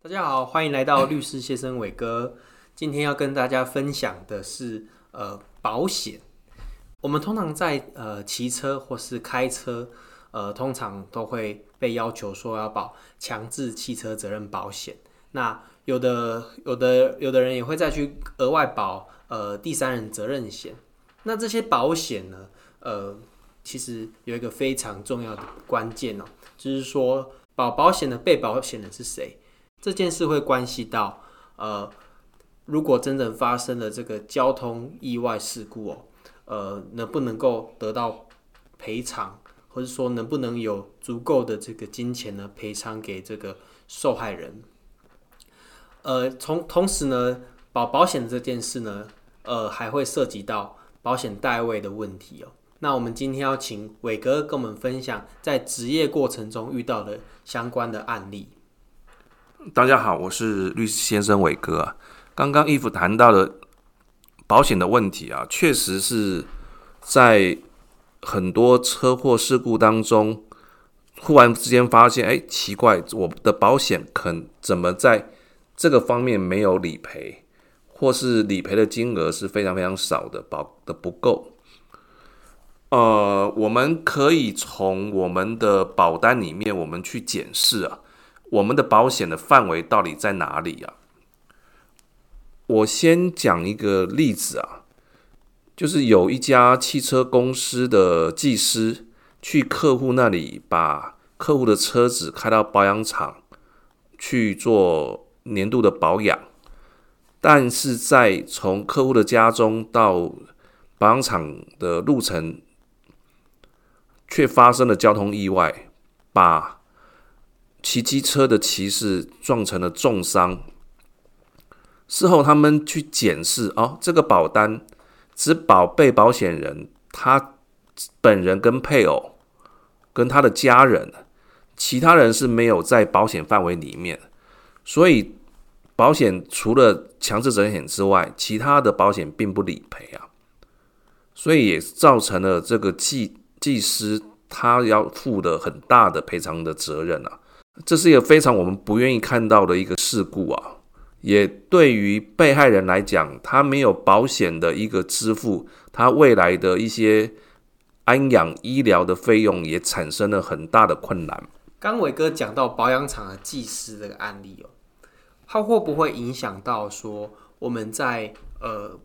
大家好，歡迎來到律師謝生瑋哥。哎、今天要跟大家分享的是，呃，保險。我們通常在呃騎車或是開車，呃，通常都會被要求說要保強制汽車責任保險。那有的、有的、有的人也會再去額外保呃第三人責任險。那這些保險呢，呃，其實有一個非常重要的關鍵哦，就是說保保險的被保險的是誰？這件事會關係到，呃，如果真正發生了這個交通意外事故哦，呃，能不能夠得到賠償，或者說能不能有足夠的這個金錢呢賠償給這個受害人？呃，同同時呢，保保險這件事呢，呃，還會涉及到保險代位的問題哦。那我們今天要請瑋哥跟我們分享在職業過程中遇到的相關的案例。大家好，我是律師先生瑋哥啊。剛剛伊芙談到的保險的問題啊，確實是在很多車禍事故當中，忽然之間發現，哎，奇怪，我的保險肯怎麼在這個方面沒有理賠，或是理賠的金額是非常非常少的，保的不夠。呃，我們可以從我們的保單裡面，我們去檢視啊。我們的保險的範圍到底在哪裡啊？我先講一個例子啊，就是有一家汽車公司的技師去客戶那裡，把客戶的車子開到保養廠去做年度的保養，但是在從客戶的家中到保養廠的路程，卻發生了交通意外，把。騎機車的騎士撞成了重傷，事後他們去檢視哦，這個保單只保被保險人，他本人跟配偶，跟他的家人，其他人是沒有在保險範圍裡面，所以保險除了強制責任險之外，其他的保險並不理賠啊，所以也造成了這個技技師他要負的很大的賠償的責任啊。這是一個非常我們不願意看到的一個事故啊！也對於被害人來講，他沒有保險的一個支付，他未來的一些安養醫療的費用也產生了很大的困難。剛瑋哥講到保養廠的技師這個案例哦，他會不會影響到說我們在呃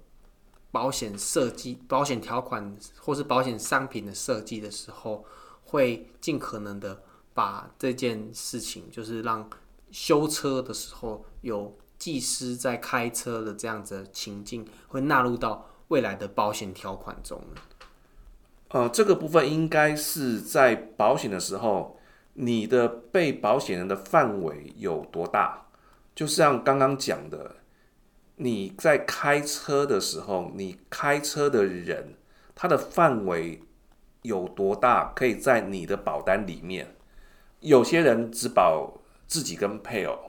保險設計、保險條款或是保險商品的設計的時候，會盡可能的，把這件事情，就是讓修車的時候有技師在開車的這樣子的情境，會納入到未來的保險條款中呢。呃，這個部分應該是在保險的時候，你的被保險人的範圍有多大？就像剛剛講的，你在開車的時候，你開車的人他的範圍有多大？可以在你的保單裡面。有些人只保自己跟配偶，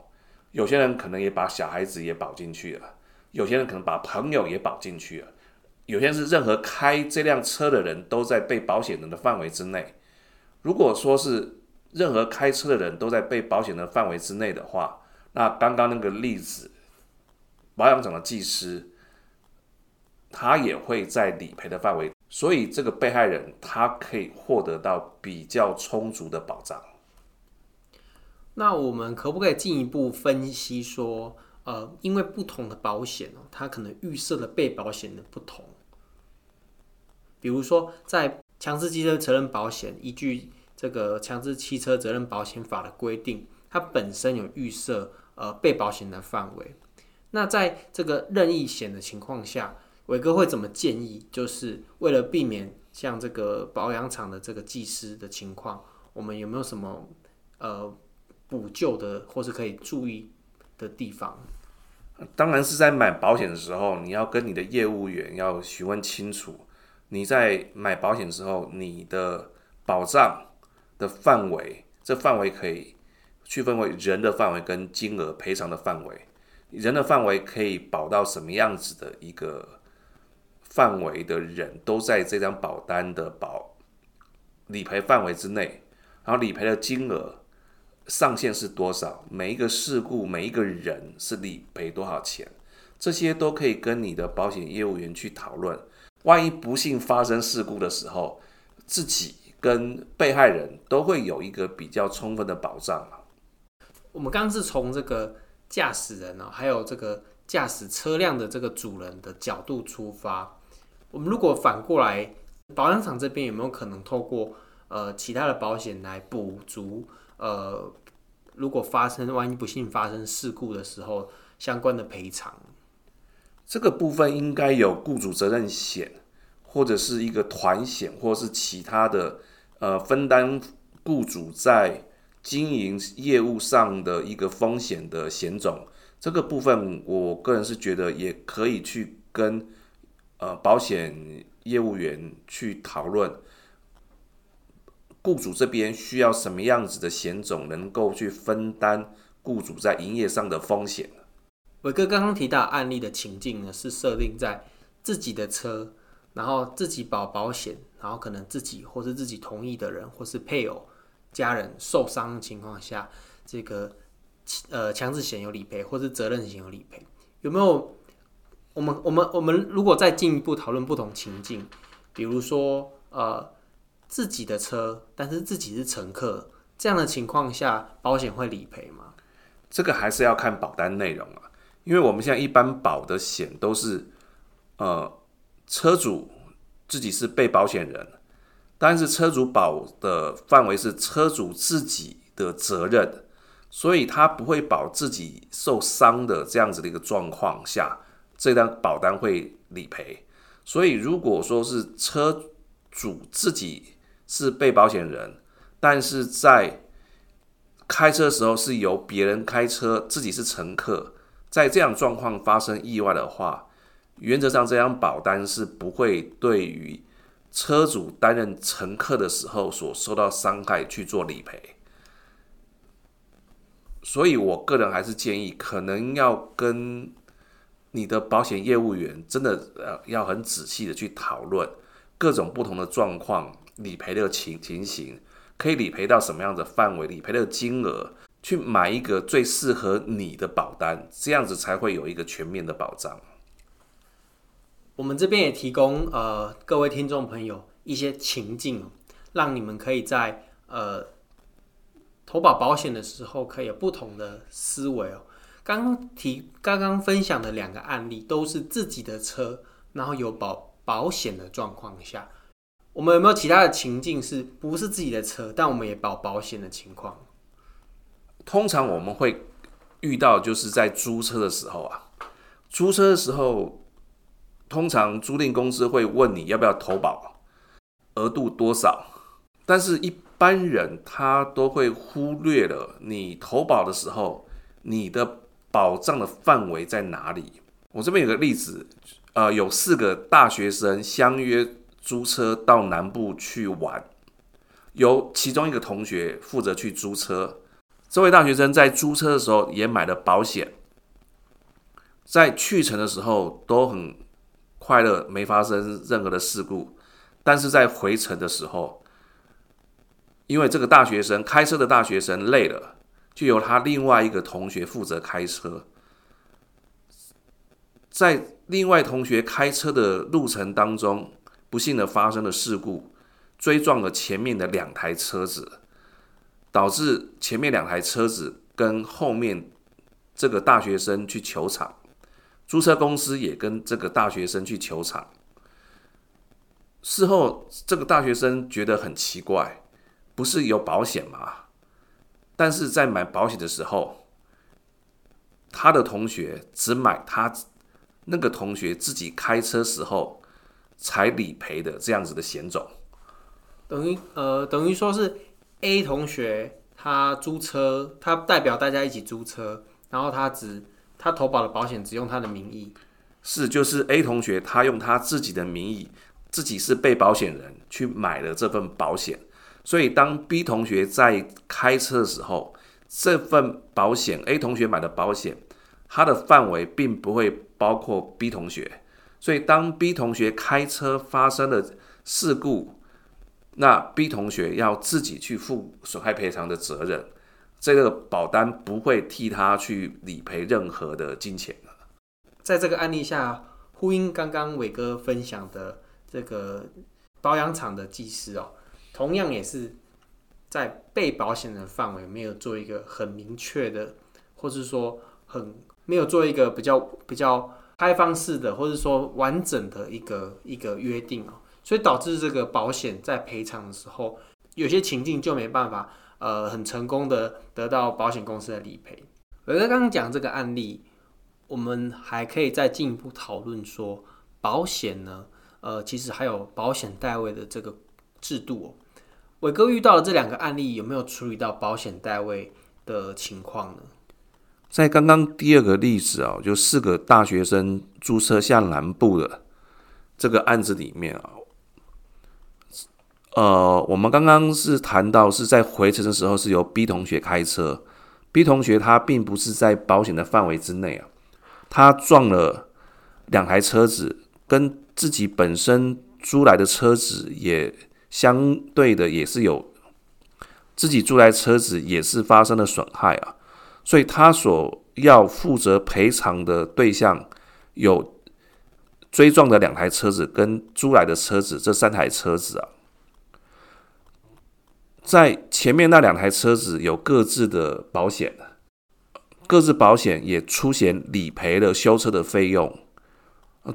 有些人可能也把小孩子也保進去了，有些人可能把朋友也保進去了，有些人是任何開這輛車的人都在被保險人的範圍之內。如果說是任何開車的人都在被保險人的範圍之內的話，那剛剛那個例子，保養廠的技師，他也會在理賠的範圍，所以這個被害人他可以獲得到比較充足的保障。那我們可不可以進一步分析說，呃，因為不同的保險哦，它可能預設的被保險的不同。比如說，在強制汽車責任保險，依據這個強制汽車責任保險法的規定，它本身有預設呃被保險的範圍。那在這個任意險的情況下，偉哥會怎麼建議？就是為了避免像這個保養廠的這個技師的情況，我們有沒有什麼呃？補救的或是可以注意的地方，當然是在買保險的時候，你要跟你的業務員要詢問清楚。你在買保險的時候，你的保障的範圍，這範圍可以區分為人的範圍跟金額賠償的範圍。人的範圍可以保到什麼樣子的一個範圍的人，都在這張保單的保理賠範圍之內，然後理賠的金額。上限是多少？每一個事故，每一個人是理賠多少錢？這些都可以跟你的保險業務員去討論。萬一不幸發生事故的時候，自己跟被害人都會有一個比較充分的保障。我們剛剛是從這個駕駛人還有這個駕駛車輛的這個主人的角度出發。我們如果反過來，保險廠這邊有沒有可能透過呃其他的保險來補足？呃，如果發生萬一不幸發生事故的時候，相關的賠償，這個部分應該有雇主責任險，或者是一個團險，或是其他的呃分擔雇主在經營業務上的一個風險的險種。這個部分，我個人是覺得也可以去跟呃保險業務員去討論。僱主這邊需要什麼樣子的險種能夠去分擔僱主在營業上的風險呢？瑋哥剛剛提到案例的情境呢，是設定在自己的車，然後自己保保險，然後可能自己或是自己同意的人或是配偶、家人受傷的情況下，這個呃強制險有理賠或是責任險有理賠，有沒有？我們我們我們如果再進一步討論不同情境，比如說呃。自己的車，但是自己是乘客，這樣的情況下，保險會理賠嗎？這個還是要看保單內容啊。因為我們現在一般保的險都是，呃，車主自己是被保險人，但是車主保的範圍是車主自己的責任，所以他不會保自己受傷的這樣子的一個狀況下，這張保單會理賠。所以如果說是車主自己。是被保險人，但是在開車時候是由別人開車，自己是乘客。在這樣狀況發生意外的話，原則上這張保單是不會對於車主擔任乘客的時候所受到傷害去做理賠。所以我個人還是建議，可能要跟你的保險業務員真的呃要很仔細的去討論各種不同的狀況。理賠的情情形，可以理賠到什麼樣的範圍？理賠的金額，去買一個最適合你的保單，這樣子才會有一個全面的保障。我們這邊也提供呃各位聽眾朋友一些情境，讓你們可以在呃投保保險的時候，可以有不同的思維哦。剛提剛剛分享的兩個案例，都是自己的車，然後有保保險的狀況下。我們有沒有其他的情境，是不是自己的車，但我們也保保險的情況？通常我們會遇到，就是在租車的時候啊，租車的時候，通常租賃公司會問你要不要投保，額度多少？但是一般人他都會忽略了你投保的時候，你的保障的範圍在哪裡？我這邊有個例子，呃，有四個大學生相約。租車到南部去玩，由其中一個同學負責去租車。這位大學生在租車的時候也買了保險，在去程的時候都很快樂，沒發生任何的事故。但是在回程的時候，因為這個大學生開車的大學生累了，就由他另外一個同學負責開車。在另外同學開車的路程當中，不幸的，發生了事故，追撞了前面的兩台車子，導致前面兩台車子跟後面這個大學生求償，租車公司也跟這個大學生求償。事後，這個大學生覺得很奇怪，不是有保險嗎？但是在買保險的時候，他的同學只買他那個同學自己開車時候。才理賠的這樣子的險種，等於呃等於說是 A 同學他租車，他代表大家一起租車，然後他只他投保的保險只用他的名義，是就是 A 同學他用他自己的名義，自己是被保險人去買了這份保險，所以當 B 同學在開車的時候，這份保險 A 同學買的保險，它的範圍並不會包括 B 同學。所以，當 B 同學開車發生了事故，那 B 同學要自己去負損害賠償的責任，這個保單不會替他去理賠任何的金錢了。在這個案例下，呼應剛剛瑋哥分享的這個保養廠的技師哦，同樣也是在被保險人範圍沒有做一個很明確的，或是說很沒有做一個比較比較。開放式的，或者說完整的一個一個約定哦，所以導致這個保險在賠償的時候，有些情境就沒辦法，呃，很成功的得到保險公司的理賠。瑋哥剛剛講這個案例，我們還可以再進一步討論說，保險呢，呃，其實還有保險代位的這個制度。瑋哥遇到的這兩個案例，有沒有處理到保險代位的情況呢？在剛剛第二個例子啊，就四個大學生租車下南部的這個案子裡面啊，呃，我們剛剛是談到是在回程的時候是由 B 同學開車，B 同學他並不是在保險的範圍之內啊，他撞了兩台車子，跟自己本身租來的車子也相對的也是有自己租來車子也是發生了損害啊。所以他所要負責賠償的對象，有追撞的兩台車子跟租來的車子，這三台車子啊，在前面那兩台車子有各自的保險，各自保險也出險理賠了修車的費用，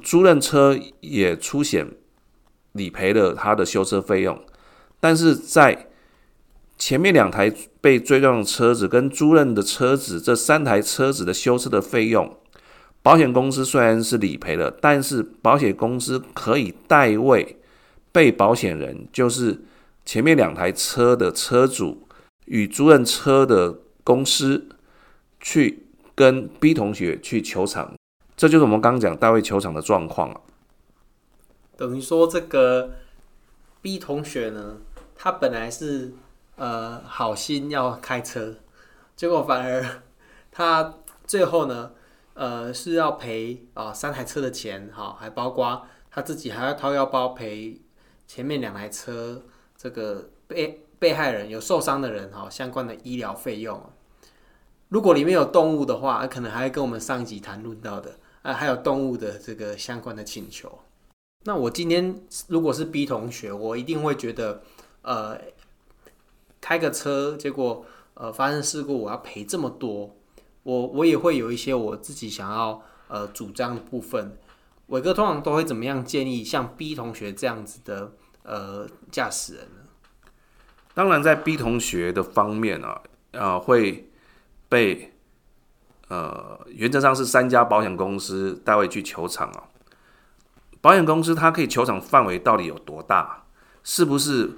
租賃車也出險理賠了他的修車費用，但是在前面兩台被追撞的車子跟租賃的車子，這三台車子的修車的費用，保險公司雖然是理賠了，但是保險公司可以代位被保險人，就是前面兩台車的車主與租賃車的公司，去跟 B 同學去求償，這就是我們剛剛講代位求償的狀況、啊、等於說這個 B 同學呢，他本來是。呃，好心要開車，結果反而他最後呢，呃，是要賠啊、哦、三台車的錢哈、哦，還包括他自己還要掏腰包賠前面兩台車這個被被害人有受傷的人哈、哦、相關的醫療費用。如果裡面有動物的話，可能還要跟我們上一集談論到的啊，還有動物的這個相關的請求。那我今天如果是 B 同學，我一定會覺得呃。開個車，結果呃發生事故，我要賠這麼多，我我也會有一些我自己想要呃主張的部分。偉哥通常都會怎麼樣建議像 B 同學這樣子的呃駕駛人呢？當然，在 B 同學的方面啊，呃會被呃原則上是三家保險公司代位求償啊。保險公司它可以求償範圍到底有多大？是不是？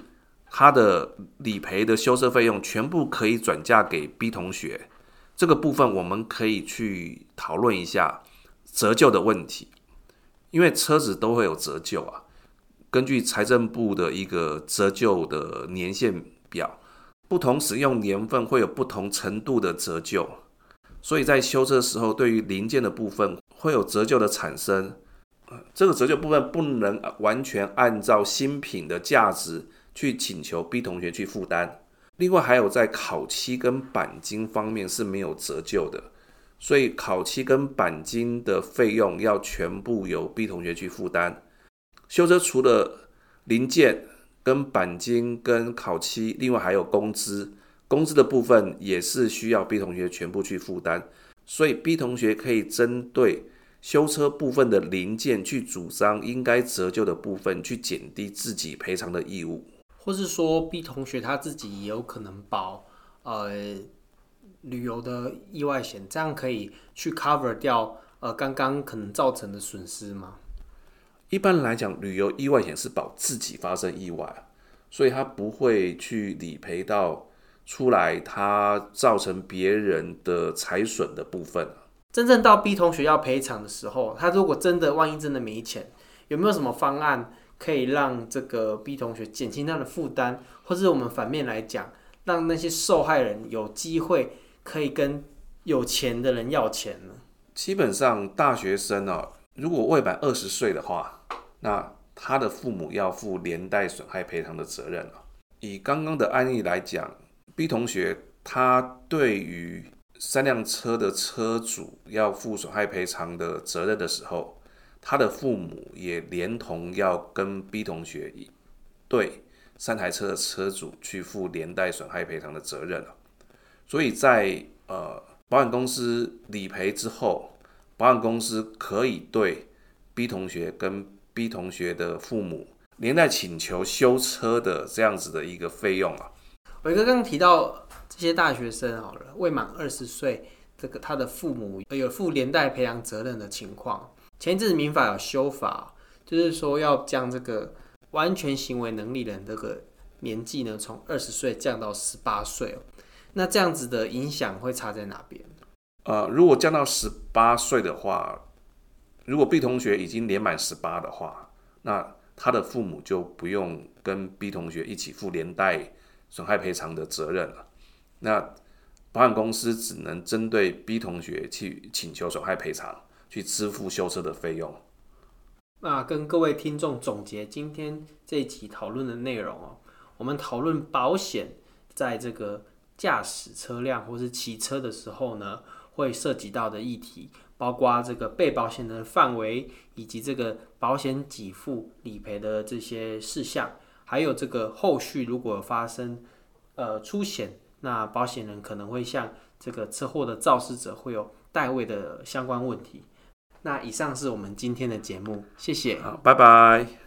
他的理賠的修車費用全部可以轉嫁給 B 同學，這個部分我們可以去討論一下折舊的問題，因為車子都會有折舊啊。根據財政部的一個折舊的年限表，不同使用年份會有不同程度的折舊，所以在修車時候，對於零件的部分會有折舊的產生，這個折舊部分不能完全按照新品的價值。去請求 B 同學去負擔。另外還有在烤漆跟鈑金方面是沒有折舊的，所以烤漆跟鈑金的費用要全部由 B 同學去負擔。修車除了零件跟鈑金跟烤漆，另外還有工資，工資的部分也是需要 B 同學全部去負擔。所以 B 同學可以針對修車部分的零件去主張應該折舊的部分，去減低自己賠償的義務。或是說 B 同學他自己也有可能保呃旅遊的意外險，這樣可以去 cover 掉呃剛剛可能造成的損失嗎？一般來講，旅遊意外險是保自己發生意外，所以他不會去理賠到出來他造成別人的財損的部分。真正到 B 同學要賠償的時候，他如果真的萬一真的沒錢，有沒有什麼方案？可以讓這個 B 同學減輕他的負擔，或是我們反面來講，讓那些受害人有機會可以跟有錢的人要錢呢？基本上，大學生哦，如果未滿二十歲的話，那他的父母要負連帶損害賠償的責任了。以剛剛的案例來講，B 同學他對於三輛車的車主要負損害賠償的責任的時候。他的父母也連同要跟 B 同學一對三台車的車主去負連帶損害賠償的責任了啊，所以在呃保險公司理賠之後，保險公司可以對 B 同學跟 B 同學的父母連帶請求修車的這樣子的一個費用啊。瑋哥剛剛提到這些大學生好了，未滿二十歲，這個他的父母有負連帶賠償責任的情況。前一陣子民法有修法，就是說要將這個完全行為能力人這個年紀呢，從二十歲降到十八歲。那這樣子的影響會差在哪邊？呃，如果降到十八歲的話，如果 B 同學已經年滿十八的話，那他的父母就不用跟 B 同學一起負連帶損害賠償的責任了。那保險公司只能針對 B 同學去請求損害賠償，去支付修車的費用。那跟各位聽眾總結今天這一集討論的內容哦，我們討論保險在這個駕駛車輛或是騎車的時候呢，會涉及到的議題，包括這個被保險人範圍，以及這個保險給付理賠的這些事項，還有這個後續如果發生呃出險，那保險人可能會向這個車禍的肇事者會有代位的相關問題。那以上是我們今天的節目，謝謝。好，拜拜。